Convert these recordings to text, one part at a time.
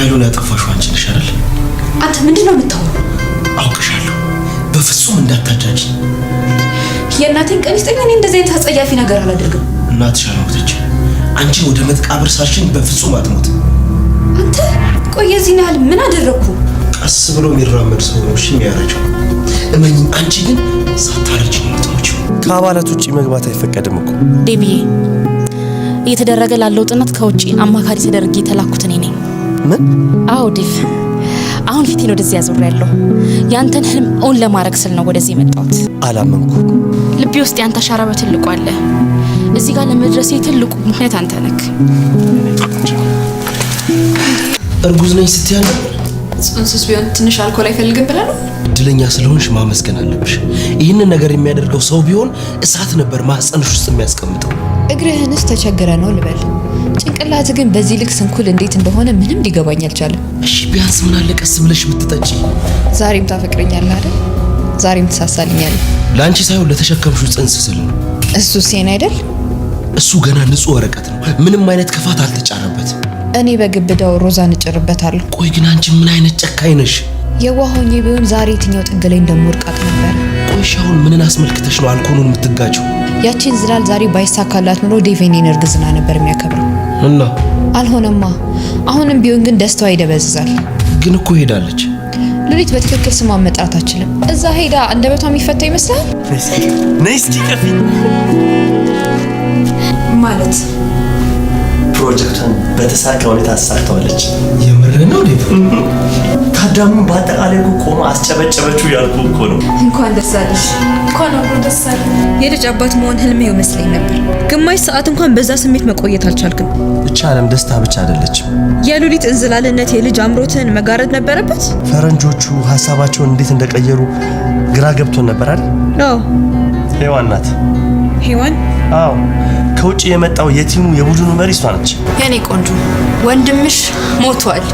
ፋይሉን ያጠፋሽው አንቺ ነሽ አይደል? አንተ ምንድን ነው የምታወራው? አውቅሻለሁ። በፍጹም እንዳታጃጅ። የእናቴን ቀን ይስጠኝ። እኔ እንደዚህ አይነት አጸያፊ ነገር አላደርግም። እናትሽ አልሞተች። አንቺ ወደ መጥቃብር ሳሽን በፍጹም አትሞት። አንተ ቆይ፣ የዚህን ያህል ምን አደረግኩ? ቀስ ብሎ የሚራመድ ሰው ነው እሺ የሚያረጀው። እመኝ፣ አንቺ ግን ሳታረጅ ነው ከአባላት ውጭ መግባት አይፈቀድም እኮ ዴብዬ። እየተደረገ ላለው ጥናት ከውጭ አማካሪ ተደርጌ የተላኩት እኔ ነኝ። ምን? አዎ ዴቭ፣ አሁን ፊቴን ወደዚህ ያዞር ያለው ያንተን ህልም እውን ለማድረግ ስል ነው ወደዚህ የመጣሁት። አላመንኩ። ልቤ ውስጥ ያንተ አሻራ በትልቁ አለ። እዚህ ጋር ለመድረሴ ትልቁ ምክንያት አንተ ነክ። እርጉዝ ነኝ ስትያለ ጽንሱስ ቢሆን ትንሽ አልኮል አይፈልግም ብላ ነው። እድለኛ ስለሆንሽ ማመስገን አለብሽ። ይህንን ነገር የሚያደርገው ሰው ቢሆን እሳት ነበር ማህፀንሽ ውስጥ የሚያስቀምጠው። እግርህንስ ተቸግረ ነው ልበል ጭንቅላት ግን በዚህ ልክ ስንኩል እንዴት እንደሆነ ምንም ሊገባኝ አልቻለም። እሺ ቢያንስ ምን አለ ቀስ ብለሽ ብትጠጪ። ዛሬም ታፈቅረኛለህ አይደል? ዛሬም ትሳሳልኛለህ። ለአንቺ ሳይሆን ለተሸከምሹ ጽንስ ስል ነው። እሱ ሴን አይደል? እሱ ገና ንጹህ ወረቀት ነው። ምንም አይነት ክፋት አልተጫረበት? እኔ በግብዳው ሮዛን እጭርበታለሁ። ቆይ ግን አንቺ ምን አይነት ጨካኝ ነሽ? የዋሆኜ ቢሆን ዛሬ የትኛው ጥግ ላይ እንደምወድቅ ነበር አንቺ አሁን ምንን አስመልክተሽ ነው አልኮኑን የምትጋጭው? ያቺን ዝላል ዛሬ ባይሳካላት ኑሮ ዴቬኔን እርግዝና ነበር የሚያከብረው እና አልሆነማ። አሁንም ቢሆን ግን ደስታዋ ይደበዝዛል። ግን እኮ ሄዳለች። ሉሊት በትክክል ስሟን መጥራት አችልም። እዛ ሄዳ አንደበቷ የሚፈታ ይመስላል። ነይ እስኪ ማለት ፕሮጀክቱን በተሳካ ሁኔታ አሳክተዋለች። የምር ነው። ታዳሙ በአጠቃላይ እኮ ቆሞ አስጨበጨበችው ያልኩ እኮ ነው። እንኳን ደስ አለሽ፣ እንኳን አብሮ ደስ አለ። የልጅ አባት መሆን ህልሜ ይመስለኝ ነበር። ግማሽ ሰዓት እንኳን በዛ ስሜት መቆየት አልቻልክም። ብቻ አለም ደስታ ብቻ አይደለችም። የሉሊት እንዝላልነት የልጅ አምሮትን መጋረድ ነበረበት። ፈረንጆቹ ሀሳባቸውን እንዴት እንደቀየሩ ግራ ገብቶን ነበር አይደል? ሄዋን ናት ሂወን? አዎ፣ ከውጭ የመጣው የቲሙ የቡድኑ መሪ እሷ ነች። የኔ ቆንጆ ወንድምሽ ሞቷል።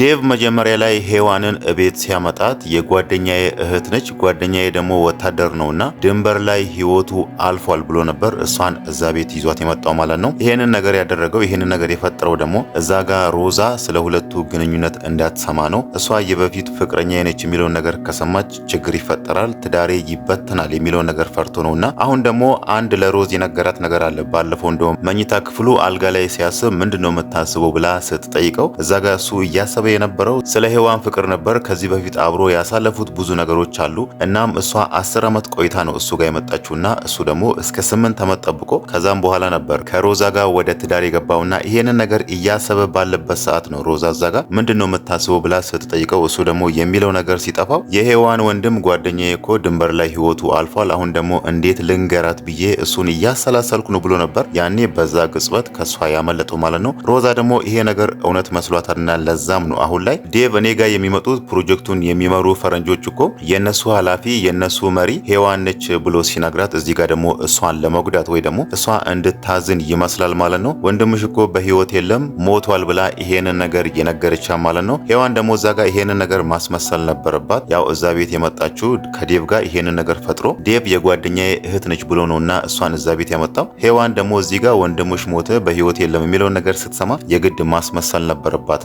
ዴቭ መጀመሪያ ላይ ሄዋንን እቤት ሲያመጣት የጓደኛዬ እህት ነች፣ ጓደኛዬ ደግሞ ወታደር ነውና ድንበር ላይ ህይወቱ አልፏል ብሎ ነበር እሷን እዛ ቤት ይዟት የመጣው ማለት ነው። ይሄንን ነገር ያደረገው ይሄንን ነገር የፈጠረው ደግሞ እዛ ጋር ሮዛ ስለ ሁለቱ ግንኙነት እንዳትሰማ ነው። እሷ የበፊት ፍቅረኛ የነች የሚለውን ነገር ከሰማች ችግር ይፈጠራል፣ ትዳሬ ይበተናል የሚለውን ነገር ፈርቶ እና አሁን ደግሞ አንድ ለሮዝ የነገራት ነገር አለ። ባለፈው እንደውም መኝታ ክፍሉ አልጋ ላይ ሲያስብ ምንድን ነው የምታስበው ብላ ስትጠይቀው እዛ ጋ እሱ እያሰበ የነበረው ስለ ሔዋን ፍቅር ነበር። ከዚህ በፊት አብሮ ያሳለፉት ብዙ ነገሮች አሉ። እናም እሷ አስር ዓመት ቆይታ ነው እሱ ጋር እና እሱ ደግሞ እስከ ስምንት ዓመት ጠብቆ ከዛም በኋላ ነበር ከሮዛ ጋር ወደ ትዳር የገባውና ይሄንን ነገር እያሰበ ባለበት ሰዓት ነው ሮዛ እዛ ጋ ምንድን ነው የምታስበው ብላ ስትጠይቀው እሱ ደግሞ የሚለው ነገር ሲጠፋው የሔዋን ወንድም ጓደኛዬ እኮ ድንበር ላይ ህይወቱ አልፏል፣ አሁን ደግሞ እንዴት ልንገራት ብዬ እሱን እያሰላሰልኩ ነው ብሎ ነበር። ያኔ በዛ ቅጽበት ከሷ ያመለጠው ማለት ነው። ሮዛ ደግሞ ይሄ ነገር እውነት መስሏታልና ለዛም ነው አሁን ላይ ዴቭ እኔ ጋር የሚመጡት ፕሮጀክቱን የሚመሩ ፈረንጆች እኮ የነሱ ኃላፊ የነሱ መሪ ሔዋን ነች ብሎ ሲነግራት እዚህ ጋር ደግሞ እሷን ለመጉዳት ወይ ደግሞ እሷ እንድታዝን ይመስላል ማለት ነው። ወንድምሽ እኮ በህይወት የለም ሞቷል ብላ ይሄንን ነገር የነገረቻ ማለት ነው። ሔዋን ደግሞ እዛ ጋር ይሄንን ነገር ማስመሰል ነበረባት። ያው እዛ ቤት የመጣችው ከዴቭ ጋር ይሄንን ነገር ፈጥሮ ዴቭ የጓደኛ እህት ነች ብሎ እና እሷን እዛ ቤት ያመጣው። ሄዋን ደግሞ እዚህ ጋር ወንድሞች ሞተ በህይወት የለም የሚለውን ነገር ስትሰማ የግድ ማስመሰል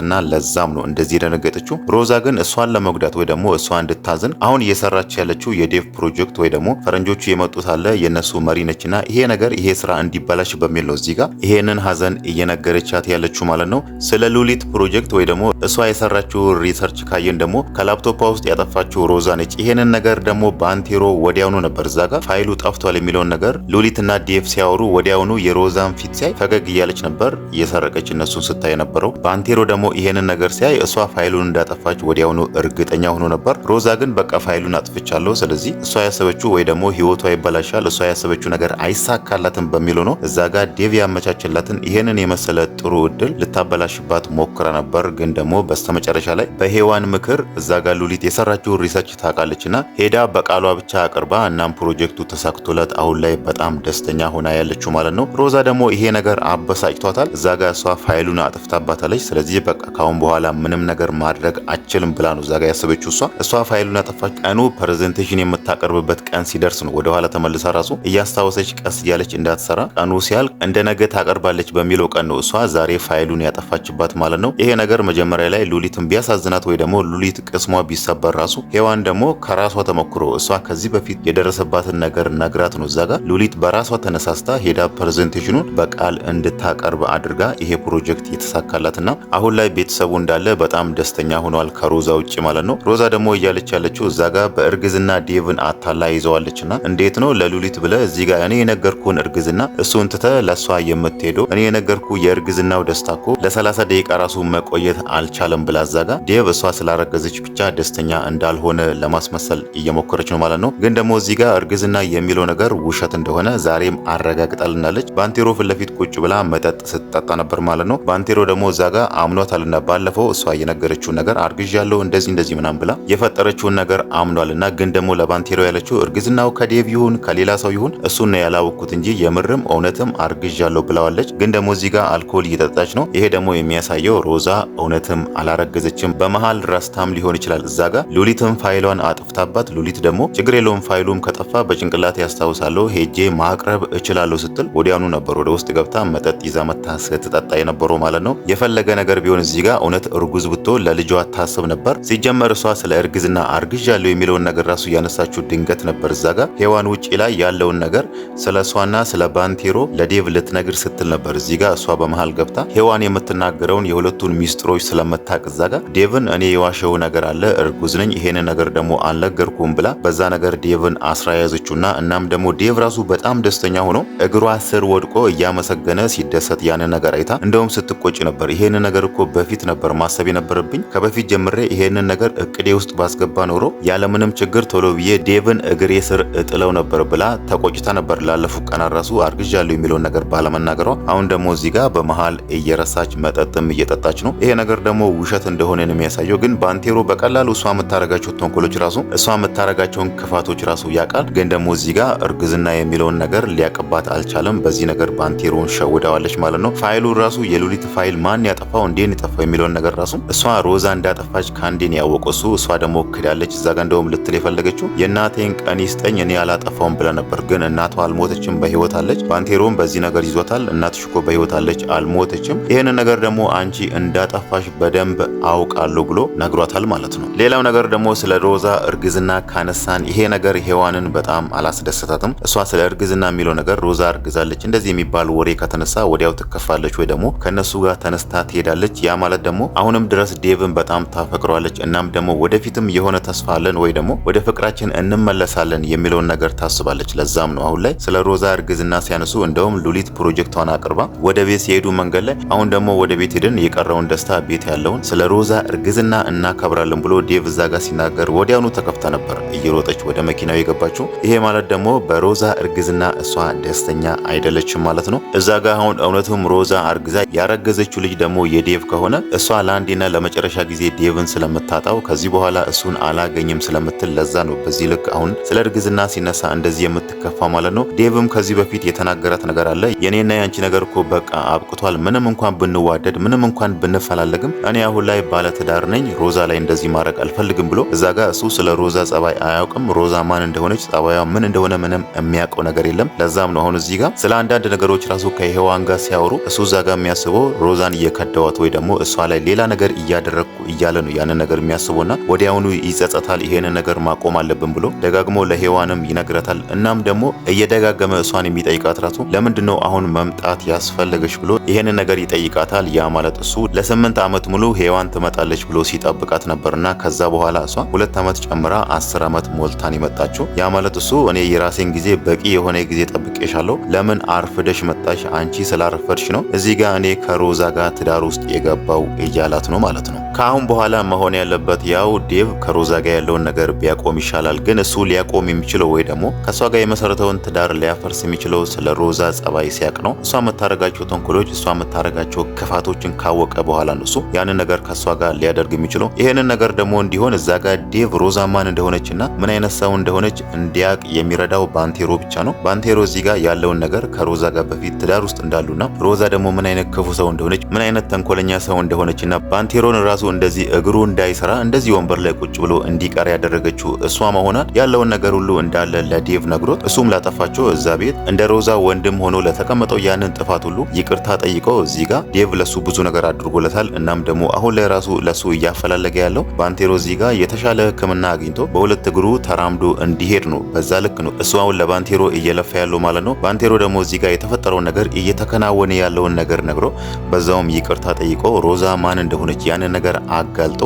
እና ለዛም ነው እንደዚህ የደነገጠችው። ሮዛ ግን እሷን ለመጉዳት ወይ ደግሞ እሷ እንድታዝን አሁን እየሰራች ያለችው የዴቭ ፕሮጀክት ወይ ደግሞ ፈረንጆቹ የመጡት አለ የነሱ መሪ ነችና ይሄ ነገር ይሄ ስራ እንዲበላሽ በሚል ነው እዚህ ጋር ይሄንን ሀዘን እየነገረቻት ያለችው ማለት ነው። ስለ ሉሊት ፕሮጀክት ወይ ደግሞ እሷ የሰራችው ሪሰርች ካየን ደግሞ ከላፕቶፓ ውስጥ ያጠፋችው ሮዛ ነች። ይሄንን ነገር ደግሞ ባንቴሮ ወዲያውኑ ነበር እዛ ጋር ፋይሉ ጠፍቷል የሚለውን ነገር ሉሊትና ዲኤፍ ሲያወሩ ወዲያውኑ የሮዛን ፊት ሲያይ ፈገግ እያለች ነበር እየሰረቀች እነሱን ስታይ ነበረው። ባንቴሮ ደግሞ ይሄንን ነገር ሲያይ እሷ ፋይሉን እንዳጠፋች ወዲያውኑ እርግጠኛ ሆኖ ነበር። ሮዛ ግን በቃ ፋይሉን አጥፍቻለሁ፣ ስለዚህ እሷ ያሰበችው ወይ ደግሞ ህይወቷ ይበላሻል፣ እሷ ያሰበችው ነገር አይሳካላትም በሚለው ነው እዛ ጋር ዴቭ ያመቻችላትን ይሄንን የመሰለ ጥሩ እድል ልታበላሽባት ሞክራ ነበር። ግን ደግሞ በስተመጨረሻ ላይ በሄዋን ምክር እዛ ጋር ሉሊት የሰራችውን ሪሰርች ታውቃለች እና ሄዳ በቃሏ ብቻ አቅርባ እናም ፕሮጀክቱ ተሳክቶላት አሁን ላይ በጣም ደስተኛ ሆና ያለችው ማለት ነው። ሮዛ ደግሞ ይሄ ነገር አበሳጭቷታል። እዛ ጋር እሷ ፋይሉን አጥፍታባታለች። ስለዚህ በቃ ካሁን በኋላ ምንም ነገር ማድረግ አችልም ብላ ነው እዛ ጋር ያሰበችው እሷ እሷ ፋይሉን አጠፋች። ቀኑ ፕሬዘንቴሽን የምት የምታቀርብበት ቀን ሲደርስ ነው ወደኋላ ተመልሳ ራሱ እያስታወሰች ቀስ እያለች እንዳትሰራ ቀኑ ሲያልቅ እንደ ነገ ታቀርባለች በሚለው ቀን ነው እሷ ዛሬ ፋይሉን ያጠፋችባት ማለት ነው። ይሄ ነገር መጀመሪያ ላይ ሉሊትን ቢያሳዝናት ወይ ደግሞ ሉሊት ቅስሟ ቢሰበር ራሱ ሄዋን ደግሞ ከራሷ ተሞክሮ እሷ ከዚህ በፊት የደረሰባትን ነገር ነግራት ነው እዛ ጋር ሉሊት በራሷ ተነሳስታ ሄዳ ፕሬዘንቴሽኑን በቃል እንድታቀርብ አድርጋ ይሄ ፕሮጀክት የተሳካላትና አሁን ላይ ቤተሰቡ እንዳለ በጣም ደስተኛ ሆኗል ከሮዛ ውጭ ማለት ነው። ሮዛ ደግሞ እያለች ያለችው እዛ ጋር በእርግዝና ዴቭን አታላ ይዘዋለችና እንዴት ነው ለሉሊት ብለ እዚህ ጋር እኔ የነገርኩን እርግዝና እሱን ትተ ለእሷ የምትሄደው? እኔ የነገርኩ የእርግዝናው ደስታ እኮ ለ30 ደቂቃ ራሱ መቆየት አልቻለም ብላ አዛጋ ዴቭ እሷ ስላረገዘች ብቻ ደስተኛ እንዳልሆነ ለማስመሰል እየሞከረች ነው ማለት ነው። ግን ደግሞ እዚህ ጋር እርግዝና የሚለው ነገር ውሸት እንደሆነ ዛሬም አረጋግጣልናለች። ባንቴሮ ፊት ለፊት ቁጭ ብላ መጠጥ ስትጠጣ ነበር ማለት ነው። ባንቴሮ ደግሞ እዛ ጋር አምኗታልና ባለፈው እሷ የነገረችውን ነገር አርግዣለሁ እንደዚህ እንደዚህ ምናም ብላ የፈጠረችውን ነገር አምኗልና ግን ደግሞ ለባንቴ ቴሮ ያለችው እርግዝናው ከዴቭ ይሁን ከሌላ ሰው ይሁን እሱን ነው ያላወቅኩት እንጂ የምርም እውነትም አርግዣለሁ ብለዋለች። ግን ደግሞ እዚህ ጋር አልኮል እየጠጣች ነው። ይሄ ደግሞ የሚያሳየው ሮዛ እውነትም አላረገዘችም። በመሀል ረስታም ሊሆን ይችላል። እዛ ጋር ሉሊትም ፋይሏን አጥፍታባት፣ ሉሊት ደግሞ ችግር የለውም ፋይሉም ከጠፋ በጭንቅላት ያስታውሳለሁ ሄጄ ማቅረብ እችላለሁ ስትል ወዲያኑ ነበር ወደ ውስጥ ገብታ መጠጥ ይዛ መታ ስትጠጣ የነበረው ማለት ነው። የፈለገ ነገር ቢሆን እዚህ ጋር እውነት እርጉዝ ብቶ ለልጇ ታስብ ነበር። ሲጀመር እሷ ስለ እርግዝና አርግዣለሁ የሚለውን ነገር ራሱ እያነሳች የመጣችው ድንገት ነበር። እዛ ጋር ሔዋን ውጪ ላይ ያለውን ነገር ስለ እሷና ስለ ባንቴሮ ለዴቭ ልትነግር ስትል ነበር። እዚህ ጋር እሷ በመሃል ገብታ ሔዋን የምትናገረውን የሁለቱን ሚስጥሮች ስለምታቅ እዛ ጋር ዴቭን እኔ የዋሸው ነገር አለ እርጉዝ ነኝ፣ ይሄንን ነገር ደግሞ አልነገርኩም ብላ በዛ ነገር ዴቭን አስራ ያዘችውና እናም ደግሞ ዴቭ ራሱ በጣም ደስተኛ ሆኖ እግሯ ስር ወድቆ እያመሰገነ ሲደሰት ያንን ነገር አይታ እንደውም ስትቆጭ ነበር። ይሄን ነገር እኮ በፊት ነበር ማሰብ የነበረብኝ ከበፊት ጀምሬ ይሄንን ነገር እቅዴ ውስጥ ባስገባ ኖሮ ያለምንም ችግር ቶሎ ብዬ የዴቭን እግሬ ስር እጥለው ነበር ብላ ተቆጭታ ነበር። ላለፉት ቀናት ራሱ አርግዣለሁ የሚለውን ነገር ባለመናገሯ አሁን ደግሞ እዚህ ጋር በመሀል እየረሳች መጠጥም እየጠጣች ነው። ይሄ ነገር ደግሞ ውሸት እንደሆነ ነው የሚያሳየው። ግን ባንቴሮ በቀላሉ እሷ የምታረጋቸው ተንኮሎች ራሱ እሷ የምታረጋቸውን ክፋቶች ራሱ ያውቃል። ግን ደግሞ እዚህ ጋር እርግዝና የሚለውን ነገር ሊያቅባት አልቻለም። በዚህ ነገር ባንቴሮን ሸውዳዋለች ማለት ነው። ፋይሉ ራሱ የሉሊት ፋይል ማን ያጠፋው እንዴን ይጠፋው የሚለውን ነገር ራሱ እሷ ሮዛ እንዳጠፋች ከአንዴን እሱ እሷ ደግሞ ክዳለች። እዛ ጋ እንደውም ልትል የፈለገችው የእናቴን ቀን ይስጠኝ እኔ አላጠፋውም ብለ ነበር። ግን እናቷ አልሞተችም፣ በህይወት አለች። ባንቴሮም በዚህ ነገር ይዞታል። እናትሽ እኮ በህይወት አለች፣ አልሞተችም። ይህንን ነገር ደግሞ አንቺ እንዳጠፋሽ በደንብ አውቃለሁ ብሎ ነግሯታል ማለት ነው። ሌላው ነገር ደግሞ ስለ ሮዛ እርግዝና ካነሳን ይሄ ነገር ሔዋንን በጣም አላስደሰታትም። እሷ ስለ እርግዝና የሚለው ነገር ሮዛ እርግዛለች እንደዚህ የሚባል ወሬ ከተነሳ ወዲያው ትከፋለች፣ ወይ ደግሞ ከነሱ ጋር ተነስታ ትሄዳለች። ያ ማለት ደግሞ አሁንም ድረስ ዴቭን በጣም ታፈቅረዋለች። እናም ደግሞ ወደፊትም የሆነ ተስፋ አለን ወይ ደግሞ ወደ ፍቅራችን እንመለሳለን የሚለውን ነገር ታስባለች። ለዛም ነው አሁን ላይ ስለ ሮዛ እርግዝና ሲያነሱ እንደውም ሉሊት ፕሮጀክቷን አቅርባ ወደ ቤት ሲሄዱ መንገድ ላይ አሁን ደግሞ ወደ ቤት ሄድን የቀረውን ደስታ ቤት ያለውን ስለ ሮዛ እርግዝና እናከብራለን ብሎ ዴቭ እዛ ጋር ሲናገር ወዲያውኑ ተከፍታ ነበር እየሮጠች ወደ መኪናው የገባችው። ይሄ ማለት ደግሞ በሮዛ እርግዝና እሷ ደስተኛ አይደለችም ማለት ነው። እዛ ጋር አሁን እውነቱም ሮዛ አርግዛ ያረገዘችው ልጅ ደግሞ የዴቭ ከሆነ እሷ ለአንዴና ለመጨረሻ ጊዜ ዴቭን ስለምታጣው ከዚህ በኋላ እሱን አላገኝም ስለምትል ለዛ ነው በዚህ ልክ አሁን ስለ እርግዝና ሲነሳ እንደዚህ የምትከፋ ማለት ነው። ዴቭም ከዚህ በፊት የተናገራት ነገር አለ። የኔና የአንቺ ነገር እኮ በቃ አብቅቷል። ምንም እንኳን ብንዋደድ፣ ምንም እንኳን ብንፈላለግም እኔ አሁን ላይ ባለትዳር ነኝ። ሮዛ ላይ እንደዚህ ማድረግ አልፈልግም ብሎ እዛ ጋር እሱ ስለ ሮዛ ጸባይ አያውቅም። ሮዛ ማን እንደሆነች ጸባያ ምን እንደሆነ ምንም የሚያውቀው ነገር የለም። ለዛም ነው አሁን እዚህ ጋር ስለ አንዳንድ ነገሮች ራሱ ከሔዋን ጋር ሲያወሩ እሱ እዛ ጋር የሚያስበው ሮዛን እየከደዋት ወይ ደግሞ እሷ ላይ ሌላ ነገር እያደረግኩ እያለ ነው ያንን ነገር የሚያስበውና ወዲያውኑ ይጸጸታል። ይሄንን ነገር ማቆም አለብን ብሎ ደጋግሞ ለሔዋንም ይነግረታል። እናም ደግሞ እየደጋገመ እሷን የሚጠይቃት ራሱ ለምንድን ነው አሁን መምጣት ያስፈልገች ብሎ ይሄንን ነገር ይጠይቃታል። ያ ማለት እሱ ለስምንት ዓመት ሙሉ ሔዋን ትመጣለች ብሎ ሲጠብቃት ነበርና ከዛ በኋላ እሷ ሁለት ዓመት ጨምራ አስር ዓመት ሞልታን የመጣችው። ያ ማለት እሱ እኔ የራሴን ጊዜ በቂ የሆነ ጊዜ ጠብቄሻለሁ፣ ለምን አርፍደሽ መጣሽ? አንቺ ስላርፈድሽ ነው እዚህ ጋር እኔ ከሮዛ ጋር ትዳር ውስጥ የገባው እያላት ነው ማለት ነው። ከአሁን በኋላ መሆን ያለበት ያው ዴቭ ከሮዛ ጋር ያለውን ነገር ቢያቆም ይሻላል። ግን እሱ ሊያቆም የሚችለው ወይ ደግሞ ከእሷ ጋር የመሰረተውን ትዳር ሊያፈርስ የሚችለው ስለ ሮዛ ጸባይ ሲያቅ ነው። እሷ የምታደርጋቸው ተንኮሎች፣ እሷ የምታደርጋቸው ክፋቶችን ካወቀ በኋላ ነው እሱ ያንን ነገር ከእሷ ጋር ሊያደርግ የሚችለው። ይህንን ነገር ደግሞ እንዲሆን እዛ ጋር ዴቭ ሮዛ ማን እንደሆነች እና ምን አይነት ሰው እንደሆነች እንዲያቅ የሚረዳው ባንቴሮ ብቻ ነው። ባንቴሮ እዚህ ጋር ያለውን ነገር ከሮዛ ጋር በፊት ትዳር ውስጥ እንዳሉና ሮዛ ደግሞ ምን አይነት ክፉ ሰው እንደሆነች፣ ምን አይነት ተንኮለኛ ሰው እንደሆነችና ባንቴሮን ራሱ እንደዚህ እግሩ እንዳይሰራ እንደዚህ ወንበር ላይ ቁጭ ብሎ እንዲቀር ያደረገችው እሷ መሆኗን ያለውን ነገር ሁሉ እንዳለ ለዴቭ ነግሮት እሱም ላጠፋቸው እዛ ቤት እንደ ሮዛ ወንድም ሆኖ ለተቀመጠው ያንን ጥፋት ሁሉ ይቅርታ ጠይቀው እዚህ ጋር ዴቭ ለሱ ብዙ ነገር አድርጎለታል። እናም ደግሞ አሁን ላይ ራሱ ለሱ እያፈላለገ ያለው ባንቴሮ እዚህ ጋር የተሻለ ሕክምና አግኝቶ በሁለት እግሩ ተራምዶ እንዲሄድ ነው። በዛ ልክ ነው እሱ አሁን ለባንቴሮ እየለፋ ያለው ማለት ነው። ባንቴሮ ደግሞ እዚህ ጋር የተፈጠረውን ነገር እየተከናወነ ያለውን ነገር ነግሮ በዛውም ይቅርታ ጠይቆ ሮዛ ማን እንደሆነች ያንን ነገር አጋልጦ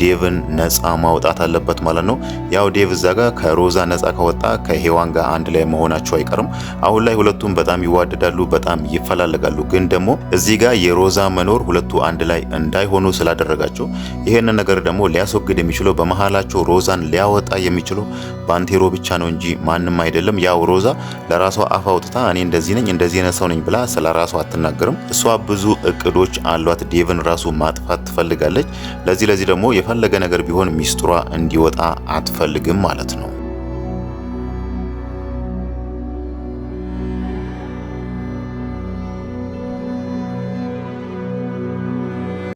ዴቭን ነፃ ማውጣት አለበት ማለት ነው። ያው ዴቭ እዛ ጋር ከሮዛ ነፃ ከወጣ ከሄዋን ጋር አንድ ላይ መሆናቸው አይቀርም። አሁን ላይ ሁለቱም በጣም ይዋደዳሉ፣ በጣም ይፈላለጋሉ። ግን ደግሞ እዚህ ጋር የሮዛ መኖር ሁለቱ አንድ ላይ እንዳይሆኑ ስላደረጋቸው ይህንን ነገር ደግሞ ሊያስወግድ የሚችለው በመሀላቸው ሮዛን ሊያወጣ የሚችለው ባንቴሮ ብቻ ነው እንጂ ማንም አይደለም። ያው ሮዛ ለራሷ አፍ አውጥታ እኔ እንደዚህ ነኝ እንደዚህ አይነት ሰው ነኝ ብላ ስለ ራሷ አትናገርም። እሷ ብዙ እቅዶች አሏት። ዴቭን ራሱ ማጥፋት ትፈልጋለች። ለዚህ ለዚህ ደግሞ የፈለገ ነገር ቢሆን ሚስጥሯ እንዲወጣ አትፈልግም ማለት ነው።